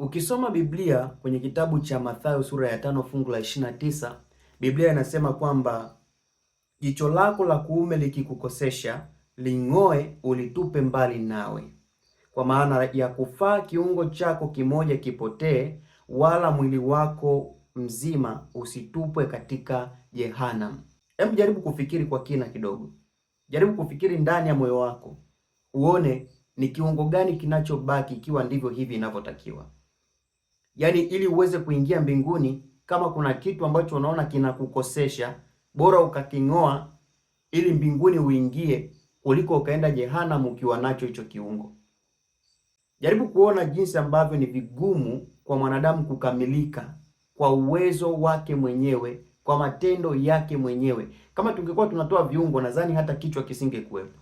Ukisoma Biblia kwenye kitabu cha Mathayo sura ya tano fungu la 29, Biblia inasema kwamba jicho lako la kuume likikukosesha ling'oe, ulitupe mbali nawe, kwa maana ya kufaa kiungo chako kimoja kipotee, wala mwili wako mzima usitupwe katika jehanam Hebu jaribu kufikiri kwa kina kidogo, jaribu kufikiri ndani ya moyo wako uone ni kiungo gani kinachobaki ikiwa ndivyo hivi inavyotakiwa yaani ili uweze kuingia mbinguni, kama kuna kitu ambacho unaona kinakukosesha, bora ukaking'oa ili mbinguni uingie kuliko ukaenda jehanamu ukiwa nacho hicho kiungo. Jaribu kuona jinsi ambavyo ni vigumu kwa mwanadamu kukamilika kwa uwezo wake mwenyewe, kwa matendo yake mwenyewe. Kama tungekuwa tunatoa viungo, nadhani hata kichwa kisingekuwepo.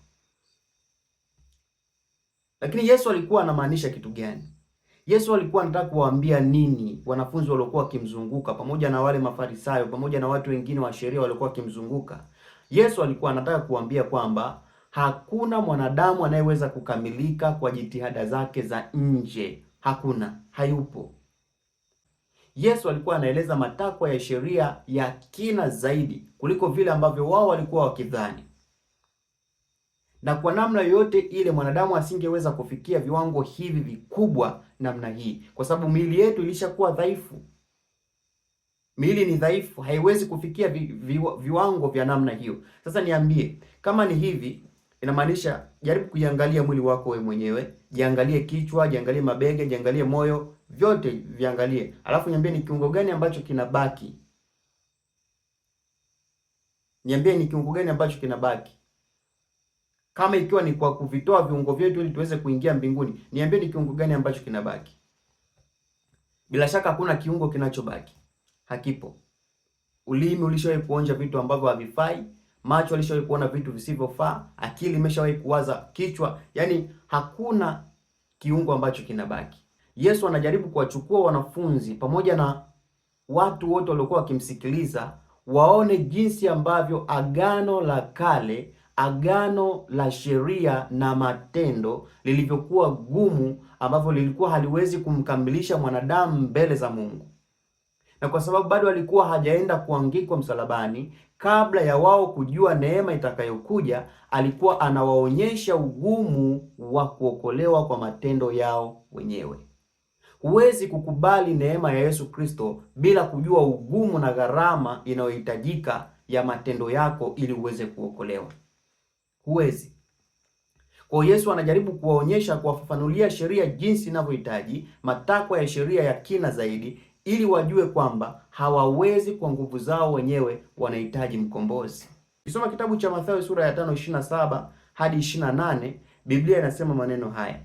Lakini Yesu alikuwa anamaanisha kitu gani? Yesu alikuwa anataka kuwaambia nini wanafunzi waliokuwa wakimzunguka, pamoja na wale Mafarisayo, pamoja na watu wengine wa sheria waliokuwa wakimzunguka? Yesu alikuwa anataka kuwaambia kwamba hakuna mwanadamu anayeweza kukamilika kwa jitihada zake za nje. Hakuna, hayupo. Yesu alikuwa anaeleza matakwa ya sheria ya kina zaidi kuliko vile ambavyo wao walikuwa wakidhani na kwa namna yoyote ile mwanadamu asingeweza kufikia viwango hivi vikubwa namna hii, kwa sababu miili yetu ilishakuwa dhaifu. Miili ni dhaifu, haiwezi kufikia vi, vi, viwango vya namna hiyo. Sasa niambie, kama ni hivi, inamaanisha jaribu kuiangalia mwili wako we mwenyewe, jiangalie kichwa, jiangalie mabega, jiangalie moyo, vyote viangalie, alafu niambie ni kiungo gani ambacho kinabaki. Niambie ni kiungo gani ambacho kinabaki kama ikiwa ni kwa kuvitoa viungo vyetu ili tuweze kuingia mbinguni, niambie ni kiungo gani ambacho kinabaki? Bila shaka hakuna kiungo kinachobaki, hakipo. Ulimi ulishawahi kuonja vitu ambavyo havifai, macho alishawahi kuona vitu visivyofaa, akili imeshawahi kuwaza kichwa, yaani hakuna kiungo ambacho kinabaki. Yesu anajaribu kuwachukua wanafunzi pamoja na watu wote waliokuwa wakimsikiliza waone jinsi ambavyo agano la kale agano la sheria na matendo lilivyokuwa gumu, ambavyo lilikuwa haliwezi kumkamilisha mwanadamu mbele za Mungu, na kwa sababu bado alikuwa hajaenda kuangikwa msalabani, kabla ya wao kujua neema itakayokuja, alikuwa anawaonyesha ugumu wa kuokolewa kwa matendo yao wenyewe. Huwezi kukubali neema ya Yesu Kristo bila kujua ugumu na gharama inayohitajika ya matendo yako ili uweze kuokolewa huwezi. Kwa Yesu anajaribu kuwaonyesha, kuwafafanulia sheria jinsi inavyohitaji matakwa ya sheria ya kina zaidi, ili wajue kwamba hawawezi kwa nguvu zao wenyewe, wanahitaji mkombozi. Kisoma kitabu cha Mathayo sura ya 5:27 hadi 28, Biblia inasema maneno haya: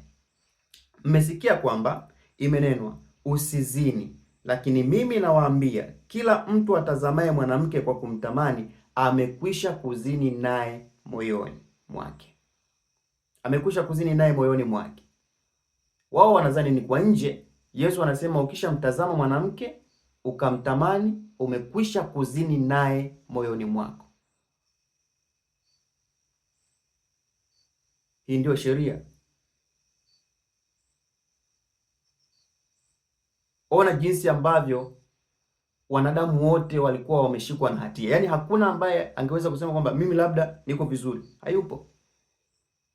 mmesikia kwamba imenenwa usizini, lakini mimi nawaambia, kila mtu atazamaye mwanamke kwa kumtamani amekwisha kuzini naye moyoni mwake, amekwisha kuzini naye moyoni mwake. Wao wanadhani ni kwa nje. Yesu anasema ukishamtazama mwanamke ukamtamani, umekwisha kuzini naye moyoni mwako. Hii ndiyo sheria. Ona jinsi ambavyo wanadamu wote walikuwa wameshikwa na hatia, yaani hakuna ambaye angeweza kusema kwamba mimi labda niko vizuri, hayupo.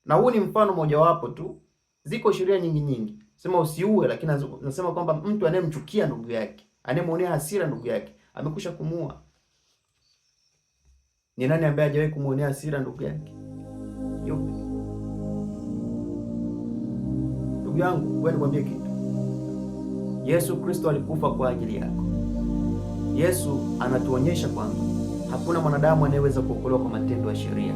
Na huu ni mfano mojawapo tu, ziko sheria nyingi nyingi. Sema usiue, lakini nasema kwamba mtu anayemchukia ndugu yake, anayemwonea hasira ndugu yake, amekusha kumua. Ni nani ambaye hajawahi kumwonea hasira ndugu yake? Yupi? Ndugu yangu, wewe nikwambie kitu, Yesu Kristo alikufa kwa ajili yako. Yesu anatuonyesha kwamba hakuna mwanadamu anayeweza kuokolewa kwa matendo ya sheria.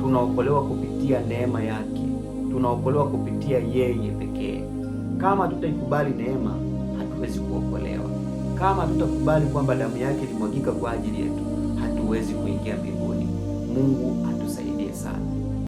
Tunaokolewa kupitia neema yake, tunaokolewa kupitia yeye pekee. Kama tutaikubali neema, hatuwezi kuokolewa. Kama tutakubali kwamba damu yake ilimwagika kwa ajili yetu, hatuwezi kuingia mbinguni. Mungu atusaidie.